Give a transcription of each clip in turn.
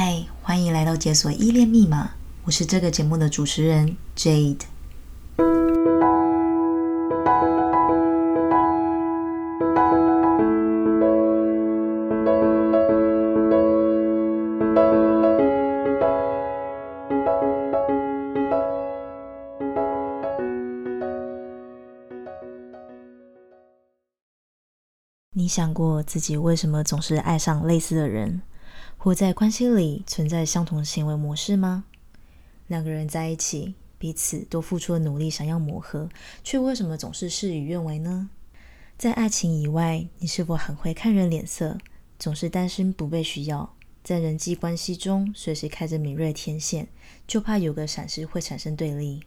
嗨，歡迎來到《解鎖依戀密碼》，我是這個節目的主持人 Jade。你想過自己為什麼總是愛上類似的人？活在關係裡存在相同行為模式嗎？兩個人在一起，彼此都付出了努力，想要磨合，卻為什麼總是事與願違呢？在愛情以外，你是否很會看人臉色，總是擔心不被需要？在人際關係中，隨時開着敏銳天線，就怕有個閃失會產生對立。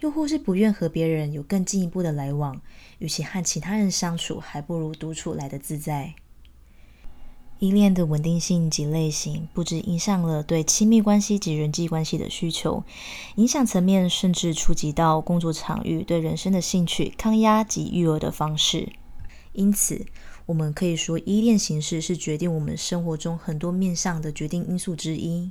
又或是不願和別人有更進一步的來往，與其和其他人相處，還不如獨處來得自在。依戀的穩定性及類型，不只影響了對親密關係及人際關係的需求，影響層面甚至觸及到工作場域、對人生的興趣、抗壓及育兒的方式。因此，我們可以說依戀形式是決定我們生活中很多面向的決定因素之一。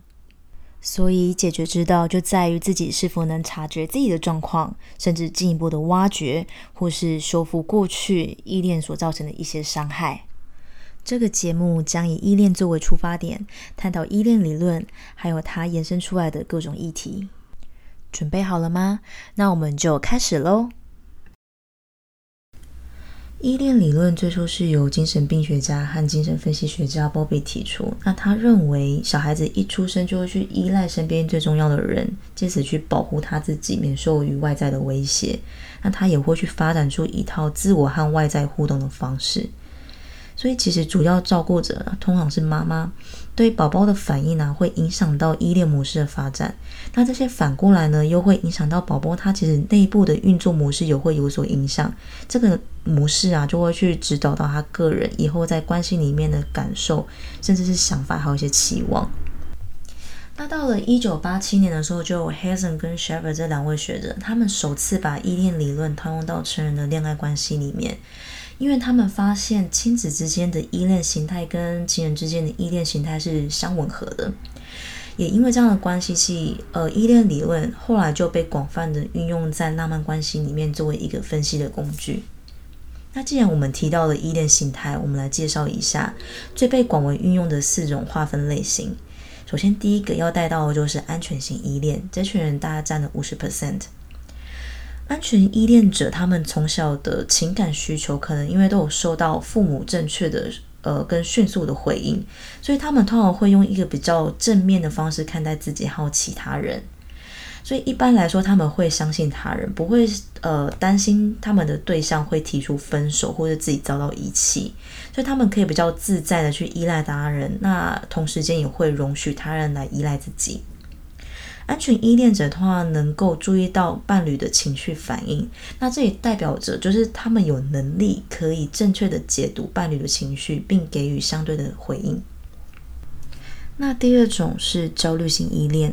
所以，解決之道就在於自己是否能察覺自己的狀況，甚至進一步的挖掘，或是修復過去依戀所造成的一些傷害。這個節目將以依戀作為出發點，探討依戀理論，還有它延伸出來的各種議題。準備好了嗎？那我們就開始嘍。依戀理論最初是由精神病學家和精神分析學家鮑比提出，那他認為，小孩子一出生就會去依賴身邊最重要的人，借此去保護他自己，免受與外在的威脅。那他也會去發展出一套自我和外在互動的方式。所以，其實主要照顧者、啊、通常是媽媽，對寶寶的反應呢、啊，會影響到依戀模式的發展。那這些反過來呢，又會影響到寶寶他其實內部的運作模式，也會有所影響。這個模式啊，就會去指導到他個人以後在關係裡面的感受，甚至是想法，還有一些期望。那到了一九八七年的時候，就 Hazan 跟 Shaver 這兩位學者，他們首次把依戀理論套用到成人的戀愛關係裡面。因為他們發現親子之間的依戀形態跟情人之間的依戀形態是相吻合的，也因為這樣的關係是，系呃依戀理論後來就被廣泛的運用在浪漫關係裡面，作為一個分析的工具。那既然我們提到了依戀形態，我們來介紹一下最被廣為運用的四種劃分類型。首先第一個要帶到的就是安全型依戀，這群人大概佔了五十 percent。安全依戀者，他們從小的情感需求，可能因為都有受到父母正確的呃跟迅速的回應，所以他們通常會用一個比較正面的方式看待自己還有其他人。所以一般來說，他們會相信他人，不會呃擔心他們的對象會提出分手或者自己遭到遺棄，所以他們可以比較自在的去依賴他人，那同時間也會容許他人來依賴自己。安全依戀者的話，能夠注意到伴侶的情緒反應，那這也代表着就是他們有能力可以正確的解讀伴侶的情緒，並給予相對的回應。那第二種是焦慮型依戀，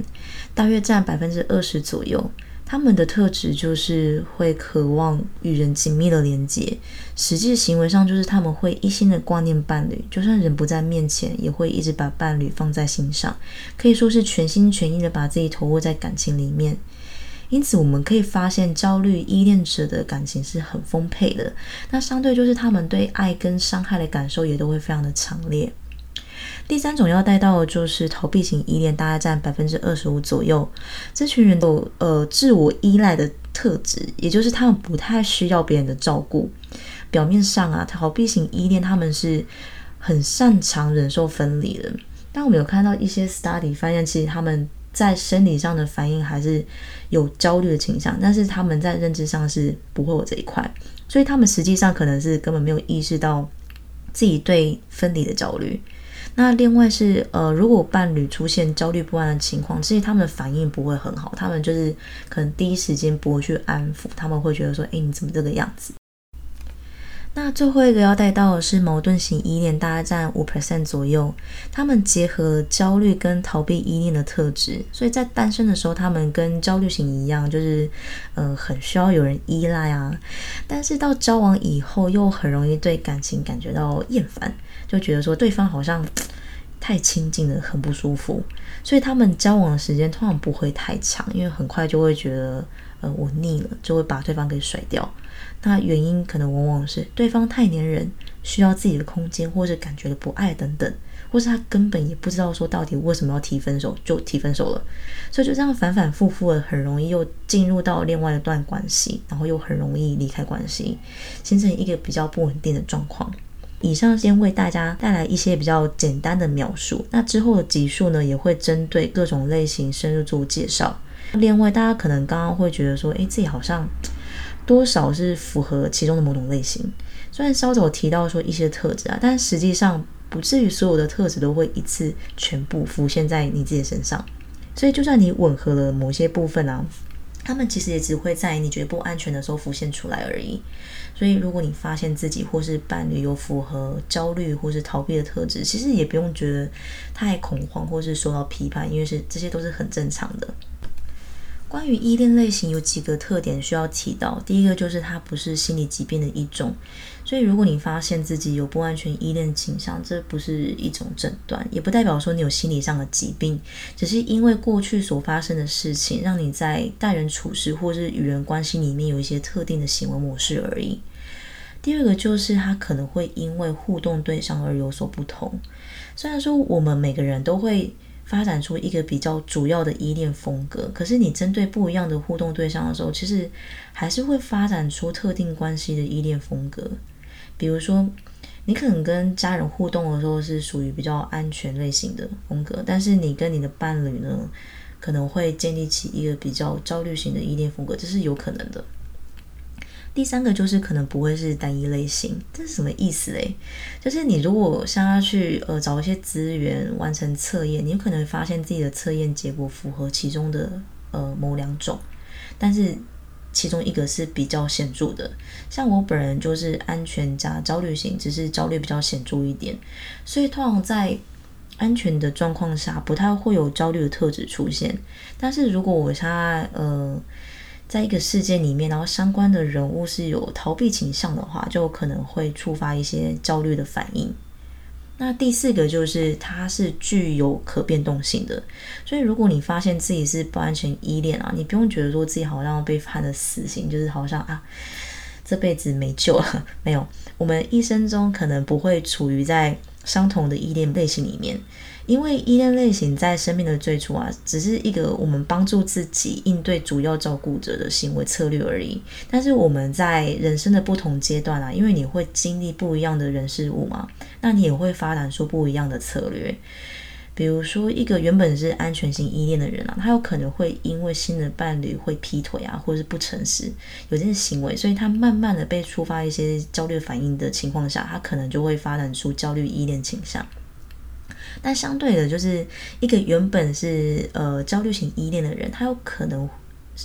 大約佔百分之二十左右。他們的特質就是會渴望與人緊密的連接，實際行為上就是他們會一心的掛念伴侶，就算人不在面前，也會一直把伴侶放在心上，可以說是全心全意的把自己投入在感情裡面。因此，我們可以發現，焦慮依戀者的感情是很豐沛的，那相對就是他們對愛跟傷害的感受也都會非常的強烈。第三種要帶到的就是逃避型依戀，大概占百分之二十五左右。這群人都有呃自我依賴的特質，也就是他們不太需要別人的照顧。表面上啊，逃避型依戀他們是很擅長忍受分離的。但我們有看到一些 study 發現，其實他們在生理上的反應還是有焦慮的傾向，但是他們在認知上是不會有這一塊。所以他們實際上可能是根本沒有意識到自己對分離的焦慮。那另外是呃，如果伴侶出現焦慮不安的情況，其實他們的反應不會很好，他們就是可能第一時間不會去安撫，他們會覺得說，哎，你怎麼這個樣子？那最後一個要帶到的是矛盾型依戀，大概佔五 percent 左右。他們結合焦慮跟逃避依戀的特質，所以在單身的時候，他們跟焦慮型一樣，就是，呃，很需要有人依賴啊。但是到交往以後，又很容易對感情感覺到厭煩，就覺得說對方好像太親近了，很不舒服，所以他們交往的時間通常不會太長，因為很快就會覺得，呃，我膩了，就會把對方給甩掉。那原因可能往往是對方太黏人，需要自己的空間，或是感覺的不愛等等，或是他根本也不知道說到底為什麼要提分手，就提分手了。所以就這樣反反复复的，很容易又進入到另外一段關係，然後又很容易離開關係，形成一個比較不穩定的狀況。以上先為大家帶來一些比較簡單的描述，那之後的集數呢，也會針對各種類型深入做介紹。另外，大家可能剛剛會覺得說，欸，自己好像多少是符合其中的某種類型。雖然稍早提到說一些特質啊，但實際上不至於所有的特質都會一次全部浮現在你自己身上。所以，就算你吻合了某些部分啊。他們其實也只會在你覺得不安全的時候浮現出來而已，所以如果你發現自己或是伴侶有符合焦慮或是逃避的特質，其實也不用覺得太恐慌或是受到批判，因為是這些都是很正常的。關於依戀類型有幾個特點需要提到。第一個就是它不是心理疾病的一種，所以如果你發現自己有不安全依戀傾向，這不是一種診斷，也不代表說你有心理上的疾病，只是因為過去所發生的事情讓你在待人處事或是與人關係裡面有一些特定的行為模式而已。第二個就是它可能會因為互動對象而有所不同，雖然說我們每個人都會。發展出一個比較主要的依戀風格，可是你針對不一樣的互動對象的時候，其實還是會發展出特定關係的依戀風格。比如說，你可能跟家人互動的時候是屬於比較安全類型的風格，但是你跟你的伴侶呢，可能會建立起一個比較焦慮型的依戀風格，這是有可能的。第三個就是可能不會是單一類型，這是什麼意思嘞？就是你如果想要去呃找一些資源完成測驗，你有可能發現自己的測驗結果符合其中的呃某兩種，但是其中一個是比較顯著的。像我本人就是安全加焦慮型，只是焦慮比較顯著一點，所以通常在安全的狀況下不太會有焦慮的特質出現。但是如果我現在呃。在一個事件裡面，然後相關的人物是有逃避傾向的話，就可能會觸發一些焦慮的反應。那第四個就是，它是具有可變動性的。所以，如果你發現自己是不安全依戀啊，你不用覺得說自己好像被判了死刑，就是好像啊這輩子沒救了。沒有，我們一生中可能不會處於在相同的依戀類型裡面。因為依戀類型在生命的最初啊，只是一個我們幫助自己應對主要照顧者的行為策略而已。但是我們在人生的不同階段啊，因為你會經歷不一樣的人事物嘛，那你也會發展出不一樣的策略。比如說，一個原本是安全型依戀的人啊，他有可能會因為新的伴侶會劈腿啊，或是不誠實，有這些行為，所以他慢慢的被觸發一些焦慮反應的情況下，他可能就會發展出焦慮依戀傾、傾向。但相對的，就是一個原本是呃焦慮型依戀的人，他有可能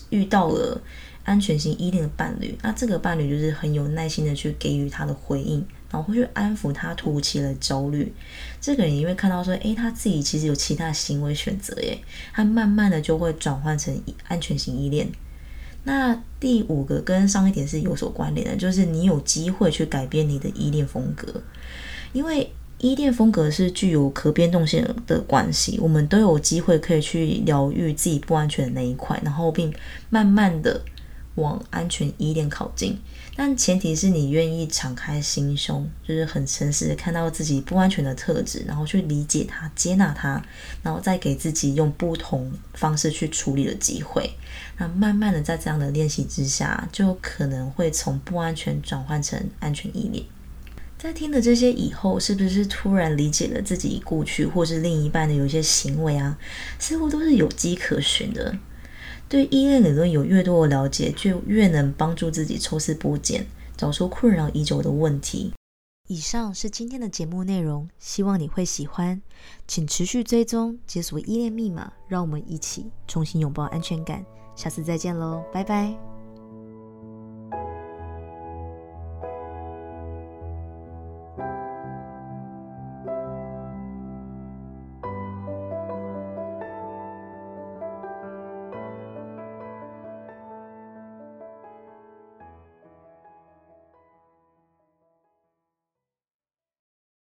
遇到了安全型依戀的伴侶。那這個伴侶就是很有耐心的去給予他的回應，然後會去安撫他突如其來的焦慮。這個人因為看到說，誒，他自己其實有其他行為選擇，耶，他慢慢的就會轉換成安全型依戀。那第五個跟上一點是有所關聯的，就是你有機會去改變你的依戀風格，因為。依戀風格是具有可變動性的關係，我們都有機會可以去療癒自己不安全的那一塊，然後並慢慢的往安全依戀靠近。但前提是你願意敞開心胸，就是很誠實的看到自己不安全的特質，然後去理解它、接納它，然後再給自己用不同方式去處理的機會。那慢慢的在這樣的練習之下，就可能會從不安全轉換成安全依戀。在聽了這些以後，是不是突然理解了自己過去或是另一半的有些行為啊？似乎都是有跡可循的。對依戀理論有越多的了解，就越能幫助自己抽絲剝繭，找出困擾已久的問題。以上是今天的節目內容，希望你會喜歡。請持續追蹤，解鎖依戀密碼，讓我們一起重新擁抱安全感。下次再見嘍，拜拜。